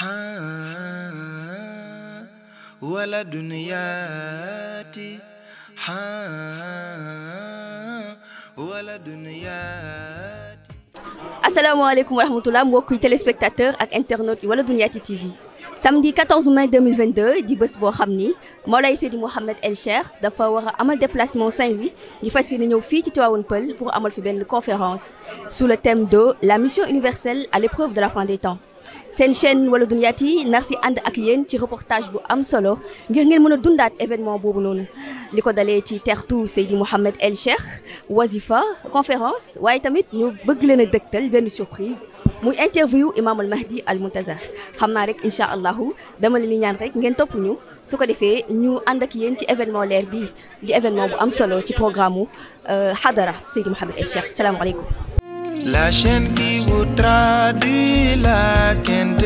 ها ولد ياتي ها ولد ياتي asalaamaaleykum wa rahmatulah mbokki téléspectateur ak internautes yi Waladounyati TV samedi 14 mai 2022 di bés boo xam ni Mawlaay Seydi Mouhamed El Cheikh dafa war a amal déplacement Saint-Louis ñu fas yéene ñëw fii ci Tivaouane Peulh pour amal fi benn conférence sous le thème de la mission universelle à l'épreuve de la fin des temps. seen chaîne wala Duniyaati nar si ànd ak yéen ci reportage bu am solo ngir ngeen mën a dundaat événement boobu noonu li ko dalee ci tertu Seydi Mouhamed El Cheikh Wazifa conférence waaye tamit ñu bëgg leen a dëgtal benn surprise muy interview Imam Al Mahdi Al Muntazar xam naa rek incha allahu dama leen di ñaan rek ngeen topp ñu su ko defee ñu ànd ak yéen ci événement leer bi di événement bu am solo ci programme mu euh, Hadara Seydi Mouhamed El Cheikh salaamaaleykum. La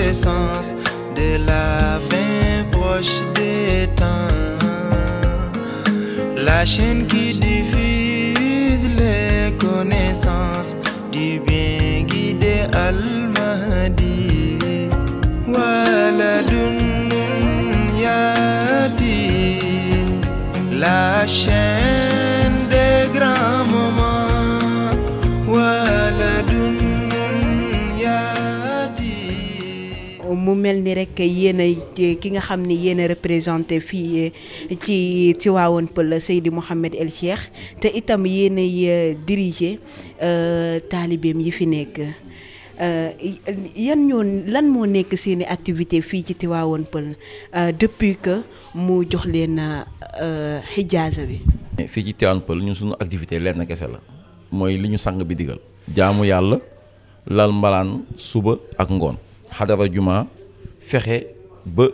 l'essence de la fin proche des temps. La chaîne qui diffuse les connaissances du bien guidé Al-Mahdi. La chaîne des grands mu mel ni rek yéen ki nga xam ni yéen représenté fii eh, ci Tivaouane Peulh Seydi Mouhamed El Cheikh te itam yéen ay eh, diriger eh, taalibeem yi fi nekk yan ñoo lan moo nekk seeni activité fii ci Tivaouane Peulh depuis que mu jox leen xijaaza bi. fii ci Tivaouane Peulh ñun suñu activité leen kese la mooy li ñu sang bi digal. jaamu yàlla lal mbalaan suba ak ngoon xadara juma fexe ba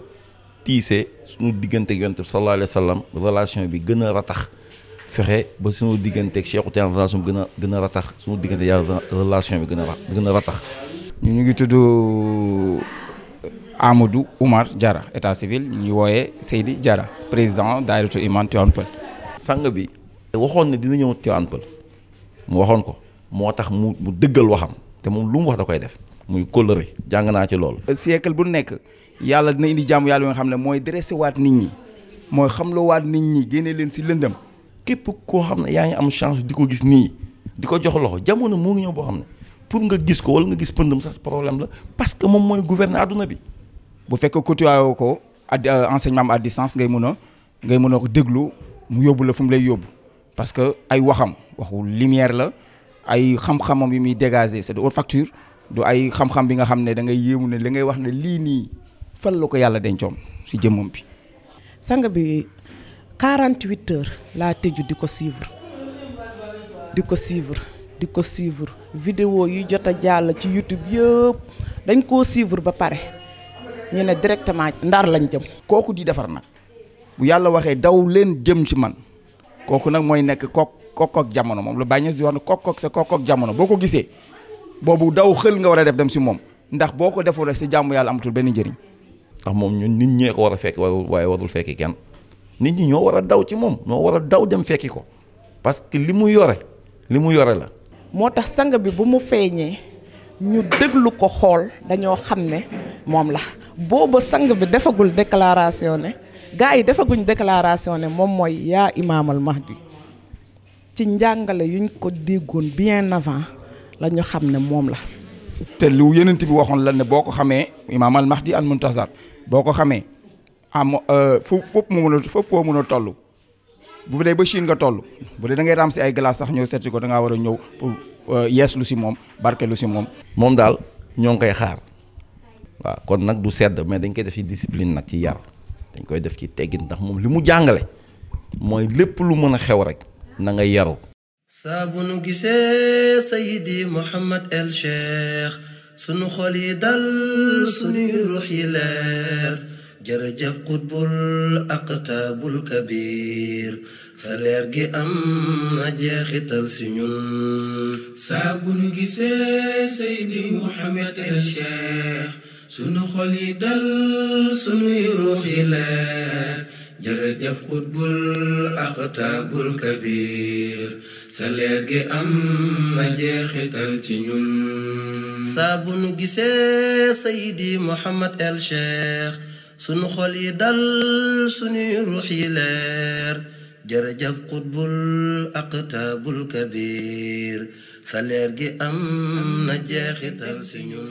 tiisee suñu diggante ak yonent bi sallallahu alayhi wa sallam relation bi gën a ratax fexe ba suñu diggante ak Cheikh Tidiane relation bi gën a gën a ratax suñu diggante yàlla relation bi gën a gën a ratax ñu ñu ngi tudd uh, Amadou Oumar Diarra état civil ñu wooyee Seydi jara président daayiratu Iman Tivaouane Peulh sang bi waxoon ne dina ñëw Tivaouane Peulh mu waxoon ko moo tax mu mu dëggal waxam te moom lu mu wax da koy def muy kóllëre jàng naa ci loolu. siècle bu nekk yàlla dina indi jàmm yàlla bi nga xam ne mooy dressé waat nit ñi mooy xam xamloo waat nit ñi génne leen si lëndëm képp koo xam ne yaa ngi am chance di ko gis nii di ko jox loxo jamono moo ngi ñëw boo xam ne pour nga gis ko wala nga gis pëndam sax problème la parce que moom mooy gouverner àdduna bi. bu fekkee côtoyoo ko ad euh, enseignement à distance ngay mun a ngay mun a ko déglu mu yóbbu la fu mu lay yóbbu parce que ay waxam waxu lumière la ay xam yi muy dégager c'est de facture. du ay xam-xam bi nga xam ne da ngay yéemu ne li ngay wax ne lii nii fan la ko yàlla dencoon si jëmmam bi. sang bi 48 heures laa tëju di ko suivre di ko suivre di ko suivre vidéo yu jot a jàll ci YouTube yëpp dañ koo suivre ba pare ñu ne directement ndar lañ jëm. kooku di defar nag bu yàlla waxee daw leen jëm si man kooku nag mooy nekk kok kokk ak jamono moom la bàyyi di wax ne kokk ak sa kokk ak jamono boo ko gisee. boobu daw xël nga war a def dem si moom ndax boo ko deful rek si jàmm yàlla amatul benn jëriñ ndax moom ñun nit ñee ko war a fekk warul waaye warul fekki kenn nit ñi ñoo war a daw ci moom ñoo war a daw dem fekki ko parce que li mu yore li mu yore la. moo tax sang bi bu mu feeñee ñu déglu ko xool dañoo xam ne moom la booba sang bi defagul déclaration ne gars yi defaguñ déclaration ne moom mooy yaa imaamal mahdi ci njàngale yuñ ko déggoon bien avant. la ñu xam ne moom la. te lu yenent bi waxoon la ne boo ko xamee imaam al mahdi al muntazar boo ko xamee am ah, euh, fu foofu mu mën a foofu foo mën a tollu bu dee ba Chine nga toll bu dee da ngay ramsi ay glace sax ñëw seeti ko da war a ñëw pour euh, yees lu si moom barke lu si moom. moom daal ñoo ngi koy xaar. waaw kon nag du sedd mais dañ koy def ci discipline nag ci yar dañ koy def ci teggin ndax moom li mu jàngale mooy lépp lu mën a xew rek na nga yaru saabu nu gisee sayidi muhammad el cheikh sunu xol yi dal sunuy ruux yi leer jërëjëf xutbul aqtaabul kabiir sa gi am jeexital si ñun saabu nu gisee sayidi muhammad el kabiir sa leer gi am na jeexital ci ñun saa bu gisee sayidi Muhammad el Cheikh sunu xol yi dal sunuy ruux yi leer jërëjëf xutbul aqtaabul kabir sa leer gi am na jeexital ci ñun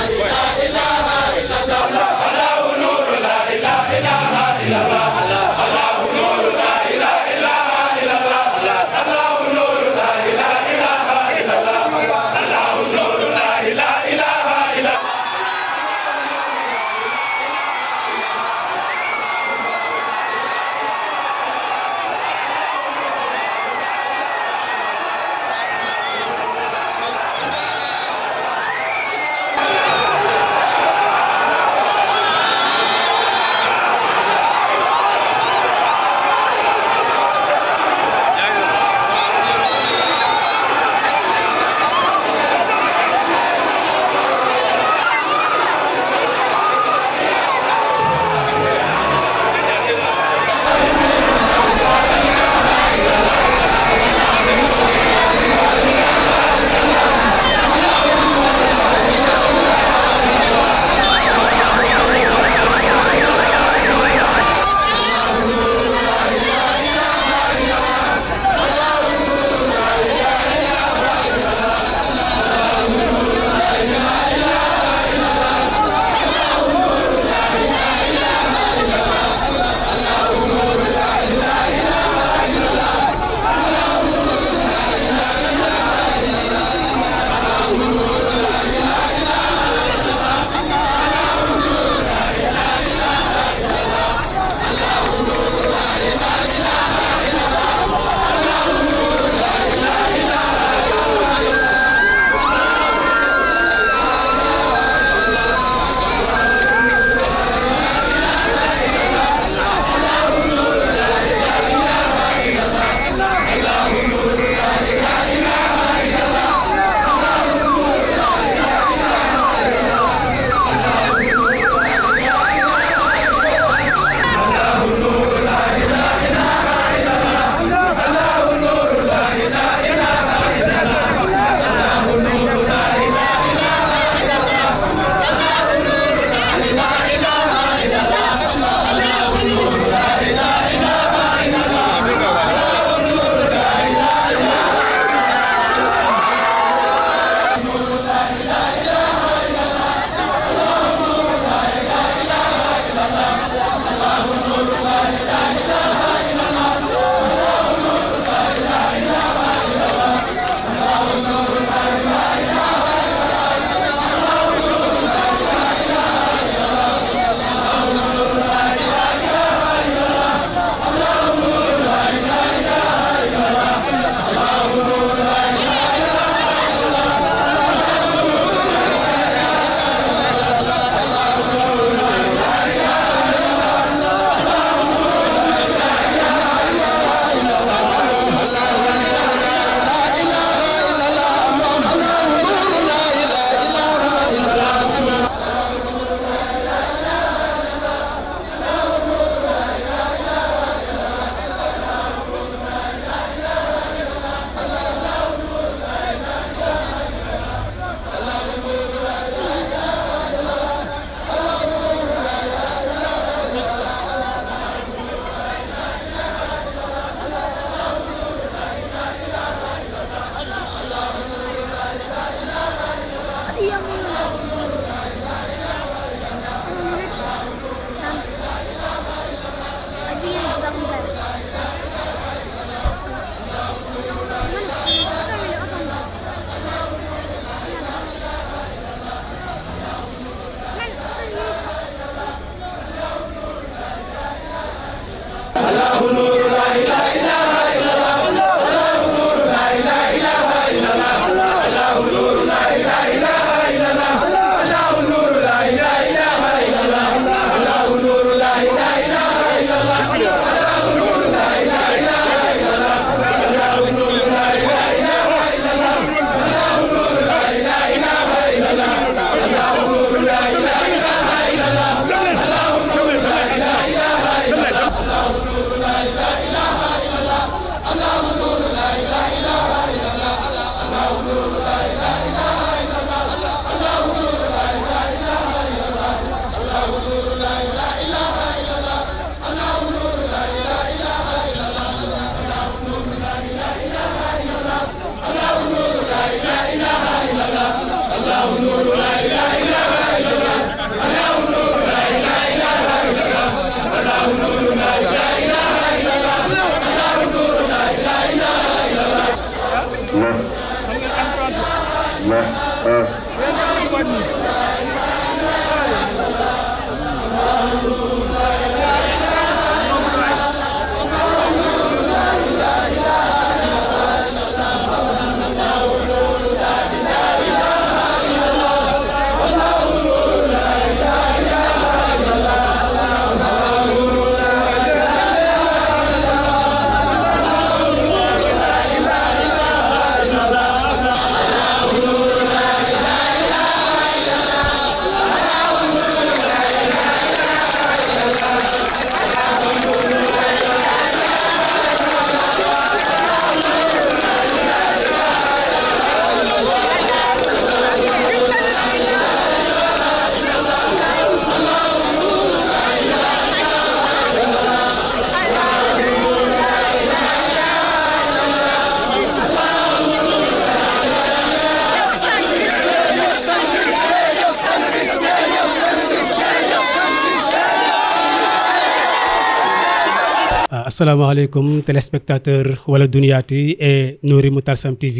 asalaamaaleykum téléspectateur wala duniyaati e Nouri Moutal Sam TV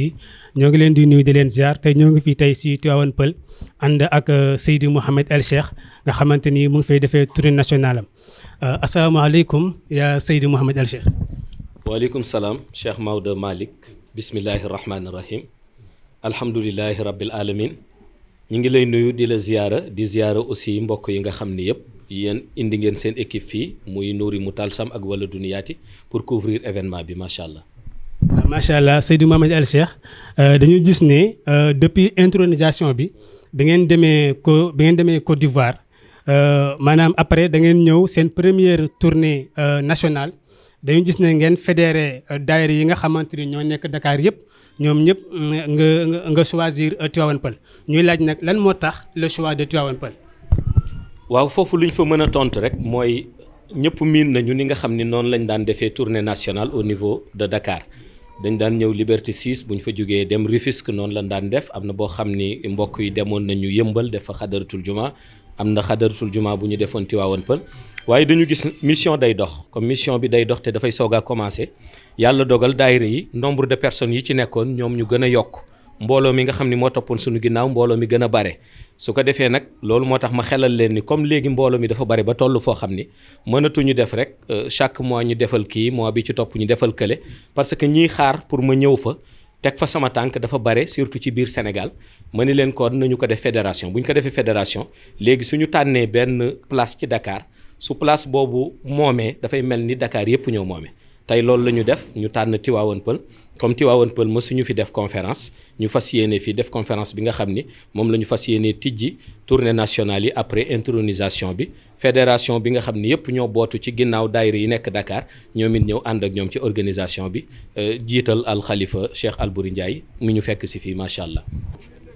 ñoo ngi leen di nuyu di leen ziar tey ñoo ngi fii tey si Tivaouane Peulh ànd ak euh, Seydi Mouhamed El Cheikh nga xamante ni mu ngi fay defee tournée nationale am euh, asalaamaaleykum yaa Seydi Mouhamed al Cheikh. waaleykum salaam Cheikh Maodo Malick bismillahi rahmaani rahim alhamdulilahi rabbil ñu ngi lay nuyu di la ziara di ziara aussi mbokk yi nga xam ni yëpp. yéen indi ngeen seen équipe fii muy Nouri Moutal Sam ak wala duniyaati pour couvrir événement bi macha allah. macha allah Seydou Mamadou Al Cheikh euh, dañu gis ne euh, depuis intronisation bi bi ngeen demee ko bi ngeen demee Côte d'Ivoire euh, maanaam après da ngeen ñëw seen première tournée nationale dañu gis ne ngeen fédéré daayira yi nga xamante ni ñoo nekk Dakar yëpp ñoom ñëpp nga nga choisir Tivaouane Peulh ñuy laaj nag lan moo tax le choix de Tivaouane Peulh. waaw foofu lu ñu fa mën a tontu rek mooy ñëpp miin nañu ni nga xam ni noonu lañ daan defee tournée nationale au niveau de Dakar dañ daan ñëw Liberté 6 bu ñu fa jógee dem Rufisque noonu lañ daan def am na boo xam ni mbokk yi demoon nañu yëmbal def xadaratul juma am na xadaratul jumaa bu ñu defoon Tiwaawan Pël waaye dañu gis mission day dox comme mission bi day dox te dafay soog a commencé yàlla dogal daayre yi nombre de personnes yi ci nekkoon ñoom ñu gën a yokk mbooloo mi nga xam ni moo toppoon suñu ginnaaw mbooloo mi gën a bare su ko defee nag loolu moo tax ma xelal leen ni comme léegi mbooloo mi dafa bare ba toll foo xam ni mënatuñu def rek euh, chaque mois ñu defal kii mois bi ci topp ñu defal kële parce que ñiy xaar pour ma ñëw fa teg fa sama tànk dafa bare surtout ci biir Sénégal ma ni leen kon nañu ko def fédération bu ñu ko defee fédération léegi suñu tànnee benn place ci dakaar su place boobu moomee dafay mel ni Dakar yëpp ñoo moomee tey loolu la ñu def ñu tànn Tivaouane Peulh comme Tivaouane Peulh suñu fi def conférence ñu fas yéene fii def conférence bi nga xam ni moom la ñu fas yéene tijji tournée nationale yi après intronisation bi fédération bi nga xam ni yëpp ñoo bootu ci ginnaaw daayira yi nekk dakaar ñoom it ñëw ànd ak ñoom ci organisation bi euh, jiital al xalifa Cheikh Albouri Ndiaye mi ñu fekk si fii macha allah.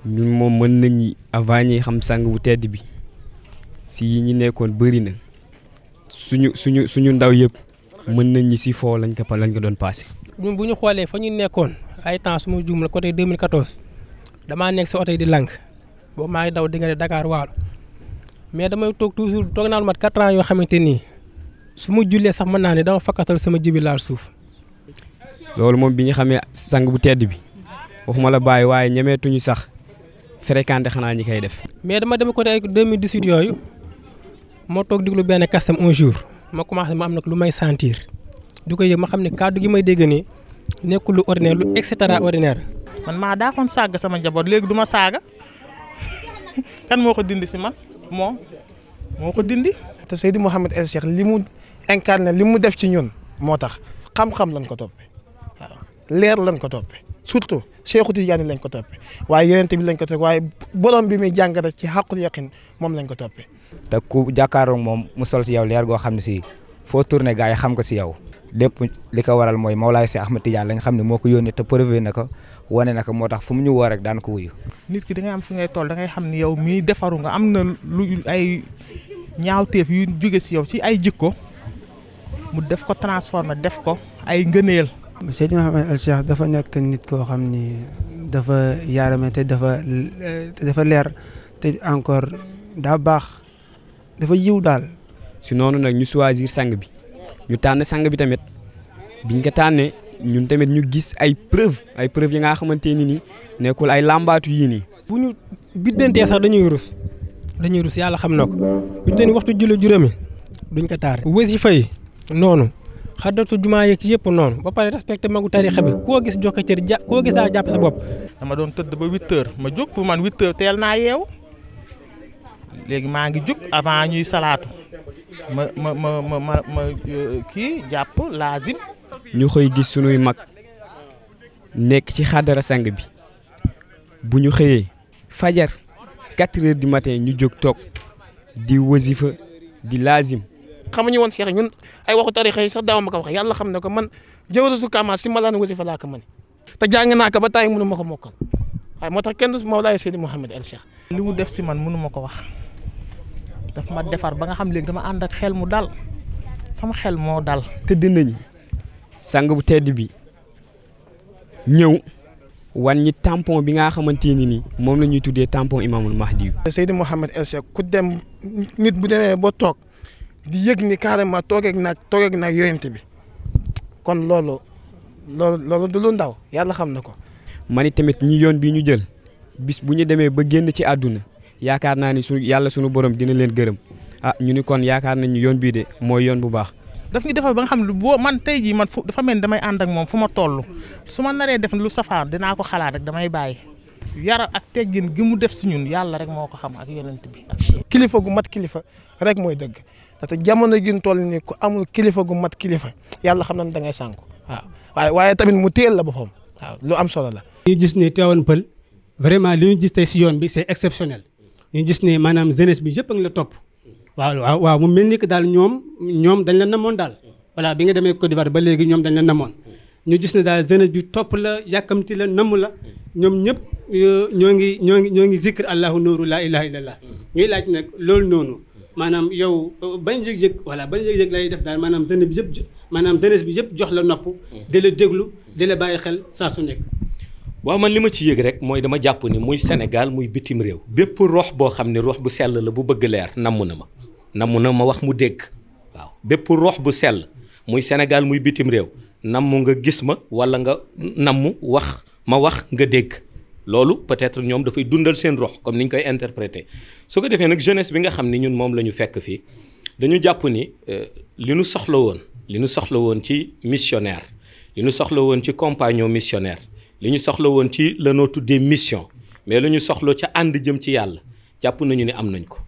moom mën nañ avant ñi xam sang bu tedd bi si yi ñu nekkoon bëri na suñu suñu suñu ndaw yëpp mën nañu si foo lañ ko lañ ko doon passé. ñun bu ñu xoolee fa ñu nekkoon ay temps su ma juumee côté 2014 damaa nekk si oto di làng boobu maa daw di nga ne waalo mais damay toog toujours toog naa lu mat 4 yoo xamante nii su ma jullee sax mën naa ne dama fakkatal sama jibi suuf. loolu moom bi ñu xamee sang bu tedd bi waxuma la bàyyi waaye ñemeetuñu sax fréquenté xanaa ñi koy def. mais dama dem côté ay 2018 yooyu ma toog diglu benn kastam un jour ma commencé ma am nag lu may sentir. du ko yëg ma xam ne kàddu gi may dégg nii nekkul lu ordinaire lu extraordinaire. man maa daakoon saaga sama njaboot léegi du ma saaga kan moo ko dindi si man moom moo ko dindi. te Seydi Mouhamed El Cheikh li mu incarné li mu def ci ñun moo tax xam-xam lañ ko topp waaw leer lañ ko topp surtout Cheikhu Tidiane lañ ko topp waaye yonent bi lañ ko toppee waaye borom bi muy jàngale ci xàqul yaqin moom lañ ko toppee. te ku jàkkaaroog moom mu sol si yow leer goo xam ne si foo tourné gars yi xam ko si yow. lépp li ko waral mooy Mawlaay si Ahmed Tidiane la nga xam ne moo ko yónnee te na ko wane na ko moo tax fu mu ñu daan ko wuyu. nit ki da am fi ngay toll da xam ni yow mii defaru nga am na lu ay ñaaw teef yu jóge si yow si ay jikko mu def ko transformé def ko ay ngëneel. Seydou Mouhamed El Cheikh dafa nekk nit koo xam ni dafa yaarame dafa te dafa leer te encore daa baax dafa yiw daal. si noonu nag ñu choisir sang bi. ñu tànn sang bi tamit biñ ko tànnee ñun tamit ñu gis ay preuve ay preuve yi nga xamante ni nii nekkul ay làmbaatu yii nii. bu ñu biddantee sax dañuy rus dañuy rus yàlla xam na ko bu ñu doon waxtu julli juróomi duñ ko taar. wasifa yi noonu xaddatu jumaa yeeg yëpp noonu ba pare respecté magu tarixa bi koo gis jox ko cër ja koo jàpp sa bopp. dama doon tëdd ba huit heures ma jóg pour man huit teel naa yeew léegi maa ngi jóg avant ñuy salaatu. ma ma ma ma ma ma euh, kii jàpp laazim. ñu xëy gis sunuy mag nekk ci xàddara sang bi bu ñu xëyee fajar quatre heures du matin ñu jóg toog di wasifa di laazim. xamuñu woon Cheikh ñun ay waxu tarixa yi sax daaw ma ko wax yàlla xam na ko man jëwëru su kaama si ma laan wasifa laa ko mën te jàng naa ko ba taay mënu ma ko mokkal waaye moo tax kenn Mawlaay Seydi Mouhamed El Cheikh. li mu def si man mënu ma ko wax. daf ma defar ba nga xam léegi dama ànd ak xel mu dal sama xel moo dal. tëdd nañu sang bu tedd bi ñëw wan ñi tampon bi nga xamante ni nii moom la ñuy tuddee tampon imaamul mahdi. Seydi Mouhamed El Cheikh ku dem nit bu demee boo toog di yëg ni carrément toogeeg naag toogeeg naag yoyante bi kon loolu loolu loolu ndaw yàlla xam na ko. ma ni tamit ñi yoon bi ñu jël bis bu ñu demee ba génn ci àdduna. yaakaar naa ni su yàlla suñu borom dina leen gërëm ah ñu ni kon yaakaar nañ ñu yoon bii de mooy yoon bu baax. daf ñu ba nga xam lu boo man tey jii man fu dafa mel ni damay ànd ak moom fu ma toll su ma naree def lu safaan dinaa ko xalaat rek damay bàyyi yara ak teggin gi mu def si ñun yàlla rek moo ko xam ak yonent bi. kilifa gu mat kilifa rek mooy dëgg ndaxte jamono ji ñu toll nii ku amul kilifa gu mat kilifa yàlla xam nañ da ngay sànku waaw waaye waaye tamit mu téel la boppam waaw lu am solo la. ñu gis ne Tivaouane Peulh vraiment li ñu gis tey si yoon bi c'est exceptionnel. ñu gis ne maanaam jeunesse bi yëpp a la topp waaw waaw mu mel ni que daal ñoom ñoom dañ la namoon daal voilà bi nga demee Côte d'Ivoire ba léegi ñoom dañ la namoon ñu gis ne daal jeunesse bi topp la yàkkamti la namm la ñoom ñëpp euh, ñoo ngi ñoo ngi ñoo ngi zikr allahu nuuru laa ilaha illallah ñuy laaj nag loolu noonu maanaam yow euh, bañ yëg-yëg voilà bañ yëg-yëg lay def daal maanaam jeunesse bi yëpp maanaam jeunesse bi yëpp jox la nopp di la déglu di la bàyyi xel saa su nekk waaw man li ma ci yéeg rek mooy dama jàpp ni muy Sénégal muy bitim réew bépp rox boo xam ne roox bu sell la bu bëgg leer namm na ma namm na ma wax mu dégg waaw bépp rox bu sell muy Sénégal muy bitim réew namm nga gis ma wala nga namm wax ma wax nga dégg loolu peut-être ñoom dafay dundal seen rox comme ni ñu koy interprété su ko defee nag jeunesse bi nga xam ni ñun moom la ñu fekk fii dañu jàpp ni euh, li nu soxla woon li nu soxla woon ci missionnaire li nu soxla woon ci compagnon missionnaire li ñu soxla woon ci la tuddee mission mais lu ñu soxla ca ànd jëm ci yàlla jàpp nañu ne am nañ ko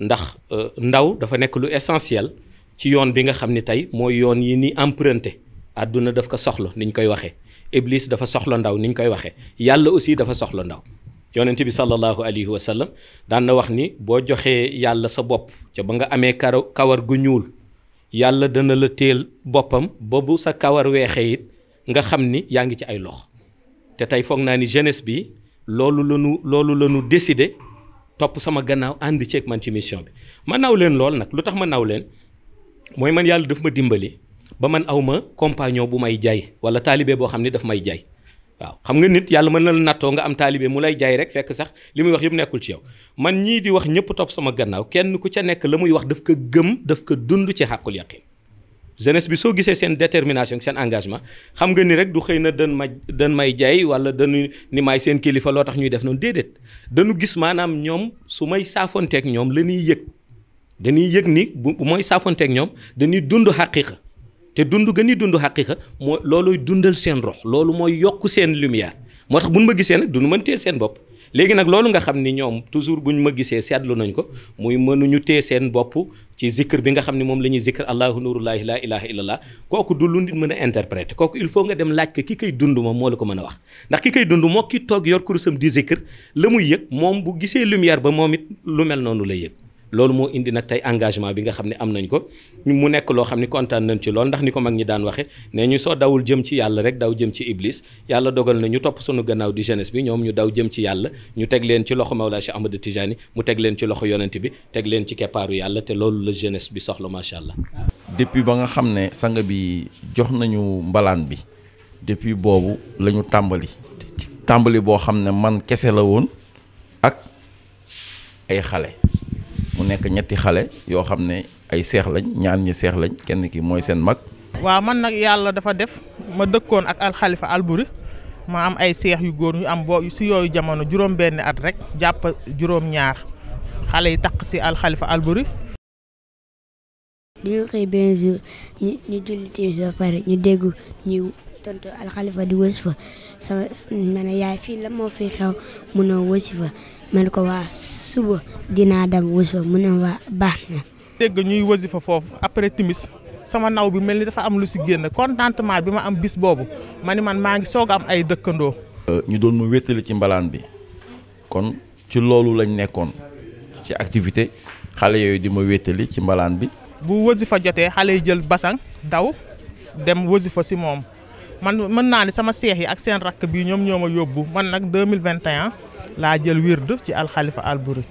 ndax euh, ndaw dafa nekk lu essentiel ci yoon bi nga xam ni tey mooy yoon yi ni emprunté àdduna daf ko soxla ni ñu koy waxee iblis dafa soxla ndaw ni ñu koy waxee yàlla aussi dafa soxla ndaw yonent bi sallallahu alayhi wa sallam daan na wax ni boo joxee yàlla sa bopp ca ba nga amee kara kawar gu ñuul yàlla dana la teel boppam ba bu sa kawar weexee it nga xam ni yaa ngi ci ay lox te tey foog naa ni jeunesse bi loolu la ñu loolu la ñu décider topp sama gannaaw ànd ceeg man ci mission bi ma naw leen lool nag lu tax ma naw leen mooy man yàlla dafa ma dimbali ba man aw ma compagnon bu may jaay wala taalibe boo xam ne dafa may jaay waaw xam nga nit yàlla mën na la nattoo nga am taalibe mu lay jaay rek fekk sax li muy wax yëpp nekkul ci yow man ñii di wax ñëpp topp sama gannaaw kenn ku ca nekk la muy wax daf ko gëm daf ko dund ci xàqul jeunesse bi soo gisee seen détermination seen engagement xam nga ni rek du xëy na dan ma dan may jaay wala dañu ni may seen kilifa loo tax ñuy def noonu déedéet dañu gis maanaam ñoom su may saafonteeg ñoom la yëg dañuy yëg ni bu mooy saafonteeg ñoom dañuy dund xaqiqa te dund gën ni dund xaqiqa moo looluy dundal seen rox loolu mooy yokk seen lumière moo tax nu ma gisee nag duñu mën tee seen bopp léegi nag loolu nga xam ni ñoom toujours bu ñu ma gisee seetlu nañ ko muy mënuñu tee seen bopp ci zikr bi nga xam ni moom la ñuy zikr allahu nurullahi la ilaha illallah kooku du lu nit mën a interpréter kooku il faut nga dem laaj ko ki koy dund moom moo la ko mën a wax ndax ki koy dund moo ki toog yor kurusam di zikr la muy yëg moom bu gisee lumière ba moom it lu mel noonu la yëg loolu moo indi nag tey engagement bi nga xam ne am nañ ko mu nekk loo xam ne kontaan nañ ci lool ndax ni ko mag ñi daan waxe nee ñu soo dawul jëm ci yàlla rek daw jëm ci iblis yàlla dogal na ñu topp sunu gannaaw di jeunesse bi ñoom ñu daw jëm ci yàlla ñu teg leen ci loxo Mawlaa ama Ahmadou Tijani mu teg leen ci loxo yonent bi teg leen ci keppaaru yàlla te loolu la jeunesse bi soxla macha allah. depuis ba nga xam ne sang bi jox nañu mbalaan bi depuis boobu la ñu tàmbali tàmbali boo xam ne man kese la woon ak xale. nekk ñetti xale yoo xam ne ay seex lañ ñaan ñi seex lañ kenn ki mooy seen mag. waaw man nag yàlla dafa def ma dëkkoon ak alxalifa alburi ma am ay seex yu góor ñu am boo si yooyu jamono juróom benn at rek jàpp juróom-ñaar xale yi taq si alxalifa alburi dañoo xëy tontu alxalifa di wasifa sama ma yaay fii la moo fi xew mu ne wasifa ma ne ko waa suba dinaa dem wasifa mu ne waa baax na. dégg ñuy wasifa foofu après timis sama naw bi mel ni dafa am lu si génn contentement bi ma am bis boobu ma man maa ngi soog am ay dëkkandoo. Euh, ñu doon ma wéttali ci mbalaan bi kon ci loolu lañ nekkoon ci activité xale yooyu di ma wéttali ci mbalaan bi. bu wasifa jotee xale yi jël basang daw dem wasifa si moom. man mën naa ni sama seex yi ak seen rakk bi ñoom ñoo ma yóbbu man nag 2021 laa jël wird ci alxalifa alburi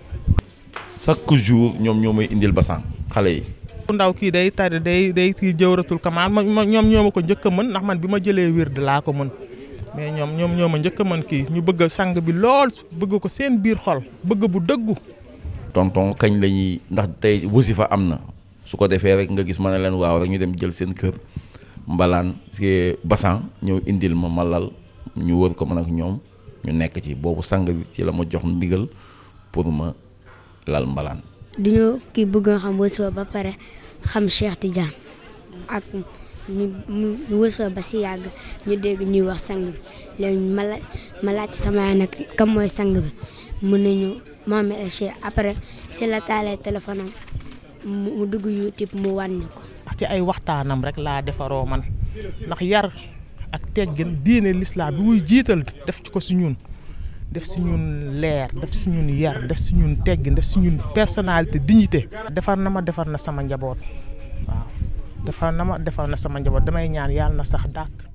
chaque jour ñoom ñoo may indil basan xale yi ku ndaw kii day tari day day kii jëwratul kamaal ma ñoom ñoo ma ko njëkk a mën ndax man bi ma jëlee wird laa ko mën mais ñoom ñoom ñoo ma njëkk a mën kii ñu bëgg sang bi lool bëgg ko seen biir xol bëgg bu dëggu tonton kañ lañuy ndax tey wasifa am na su ko defee rek nga gis ma ne leen waaw rek ñu dem jël seen kër mbalaan basan ñëw indil ma malal ñu wër ko mën ak ñoom ñu nekk ci boobu sang bi ci la ma jox ndigal pour ma lal mbalaan dañoo kii bëgg nga xam wasifa ba pare xam Cheikh Tidiane ak ñu ñu wasifa ba si yàgg ñu dégg ñuy wax sang bi léegi ma la ma laaj sama yaay nag kam mooy sang bi mun nañu Mohamed El Cheikh après si la taalee téléphone mu dugg YouTube mu wàññi ko ci ay waxtaanam rek laa defaroo man ndax yar ak teggin diine lislaam bi muy jiital def ci ko si ñun def si ñun leer def ci ñun yar def si ñun teggin def si ñun personnalité dignité defar na ma defar na sama njaboot waaw defar na ma defar na sama njaboot damay ñaan yàlla na sax dàq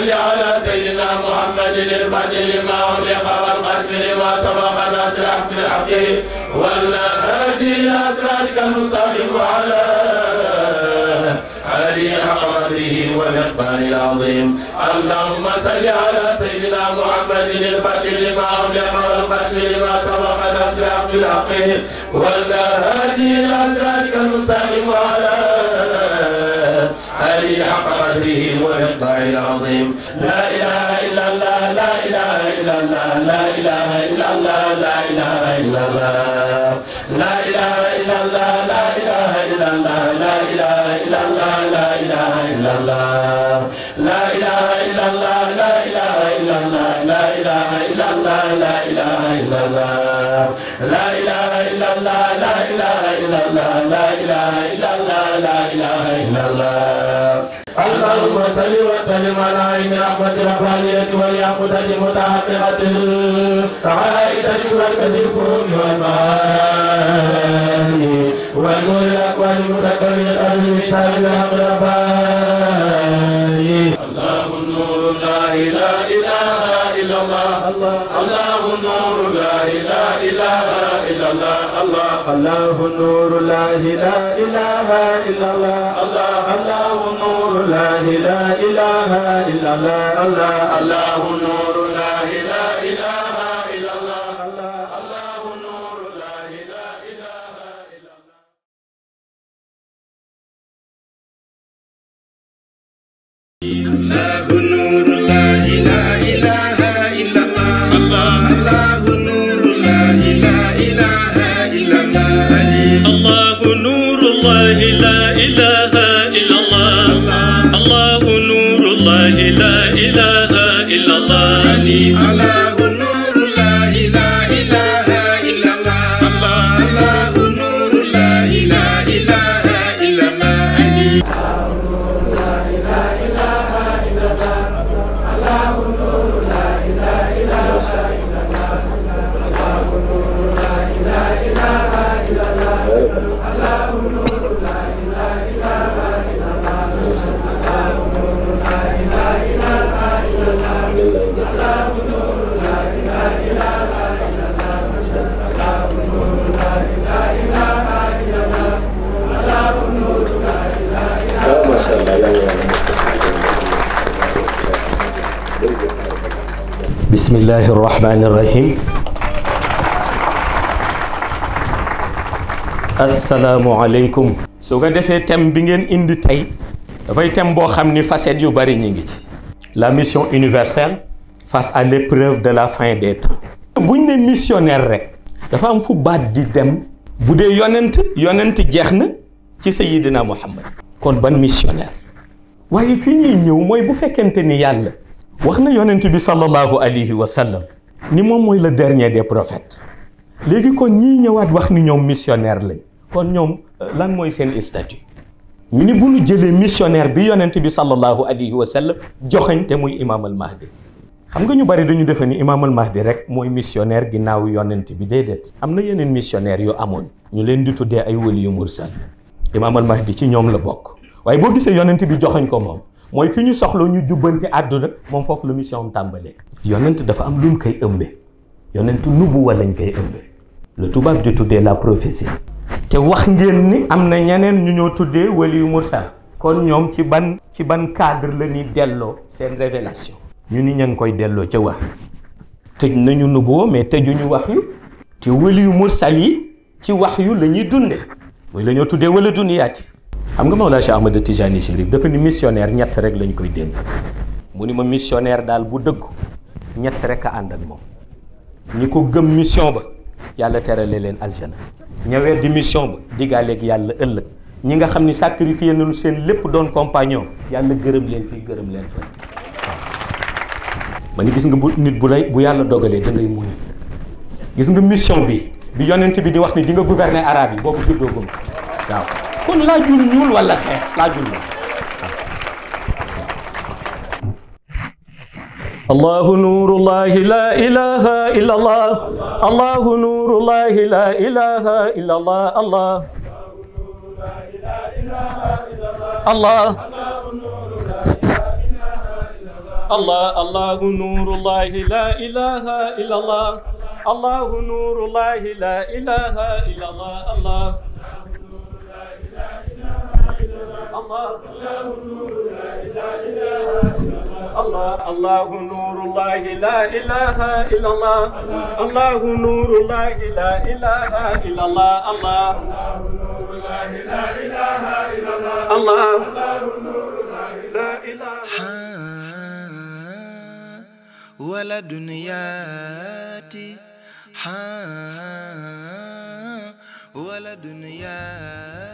صل على سيدنا محمد الفاتح لما أغلق والختم لما سبق ناصر بالحق والهادي إلى صراطك المستقيم وعلى علي حق قدره والمقدار العظيم اللهم صل على سيدنا محمد الفاتح لما أغلق والختم لما سبق ناصر بالحق والهادي إلى صراطك المستقيم وعلى علي حق قدره ومقداره العظيم لا إله إلا الله لا إله إلا الله لا إله إلا الله لا إله إلا الله لا إله إلا الله لا إله إلا الله لا إله إلا الله لا إله إلا الله لا إله إلا الله الله لا إله إلا الله لا إله إلا الله لا إله إلا الله لا إله إلا الله لا إله إلا الله لا إله إلا الله اللهم صل وسلم على عين رحمة ربانية والياقوتة متحققة عائدة مركز الفهم والمعاني والنور الأكوان متكونة من لسان الحق رباني الله النور لا إله إلا الله نور لا إله إلا الله الله الله نور لا إله إلا الله الله الله نور لا إله إلا الله الله الله نور الرحمن فلا bismillahi irrahmani irrahim asalaamualeykum su ko defee thème bi ngeen indi tey dafay thème boo xam ni facettes yu bari ñu ngi ci la mission universelle face à l'épreuve de la fin des temps buñ ne missionnaire rek dafa am fu baat di dem bu dee yonent yonent jeex na ci Seyyidina Muhammad kon ban missionnaire waaye fi ñuy ñëw mooy bu fekkente ni yàlla wax na yonent bi sallallahu alayhi wa sallam ni moom mooy le dernier des prophètes léegi kon ñii ñëwaat wax ni ñoom missionnaire lañ kon ñoom euh, lan mooy seen statut ñu ni bu ñu jëlee missionnaire bi yonent bi sallallahu alayhi wa sallam joxañ te muy imaam al mahdi xam nga ñu bari dañu defe ni imaam al mahdi rek mooy missionnaire ginnaaw yonent bi déedéet am na yeneen missionnaire yu amoon ñu leen di tuddee ay wali yu mursal imaam al mahdi ci ñoom la bokk waaye boo gisee yonent bi joxañ ko moom mooy fi ñu soxla ñu jubbanti àdduna moom foofu la mission am tàmbalee. yonent dafa am lu ñu koy ëmbee yonent nubuwa lañ koy ëmbee le tubaab di tuddee la prophétie te wax ngeen ni am na ñeneen ñu ñoo tuddee waliyu mursal kon ñoom ci ban ci ban cadre la ñuy delloo seen révélation ñu ni ña ngi koy delloo ci wax tëj nañu nubuwa mais ñu wax yu te waliyu mursal yi ci wax yu la ñuy dunde mooy la ñoo tuddee wala yi am nga Mawlaa Cheikh Ahmad Tijani Chérif dafa ni missionnaire ñett rek lañ koy dénk mu ni ma missionnaire daal bu dëgg ñett rek a ànd ak moom ñi ko gëm mission ba yàlla terale leen aljana ñawee di mission ba diggaaleeg yàlla ëllëg ñi nga xam ni sacrifié nañu seen lépp doon compagnon yàlla gërëm leen fii gërëm leen fa ma ni gis nga bu nit bu lay bu yàlla dogalee da ngay muñ gis nga mission bi bi yonent bi di wax ni di nga gouverner yi boobu kon laajul ñuul wala xees laajul ñuul الله نور الله لا إله إلا الله الله نور الله لا إله إلا الله الله الله الله الله نور الله لا إله إلا الله الله نور الله لا إله إلا الله الله الله الله نور الله لا اله الا الله الله نور الله لا اله الا الله الله الله لا اله ولا دنياتي ولا دنياتي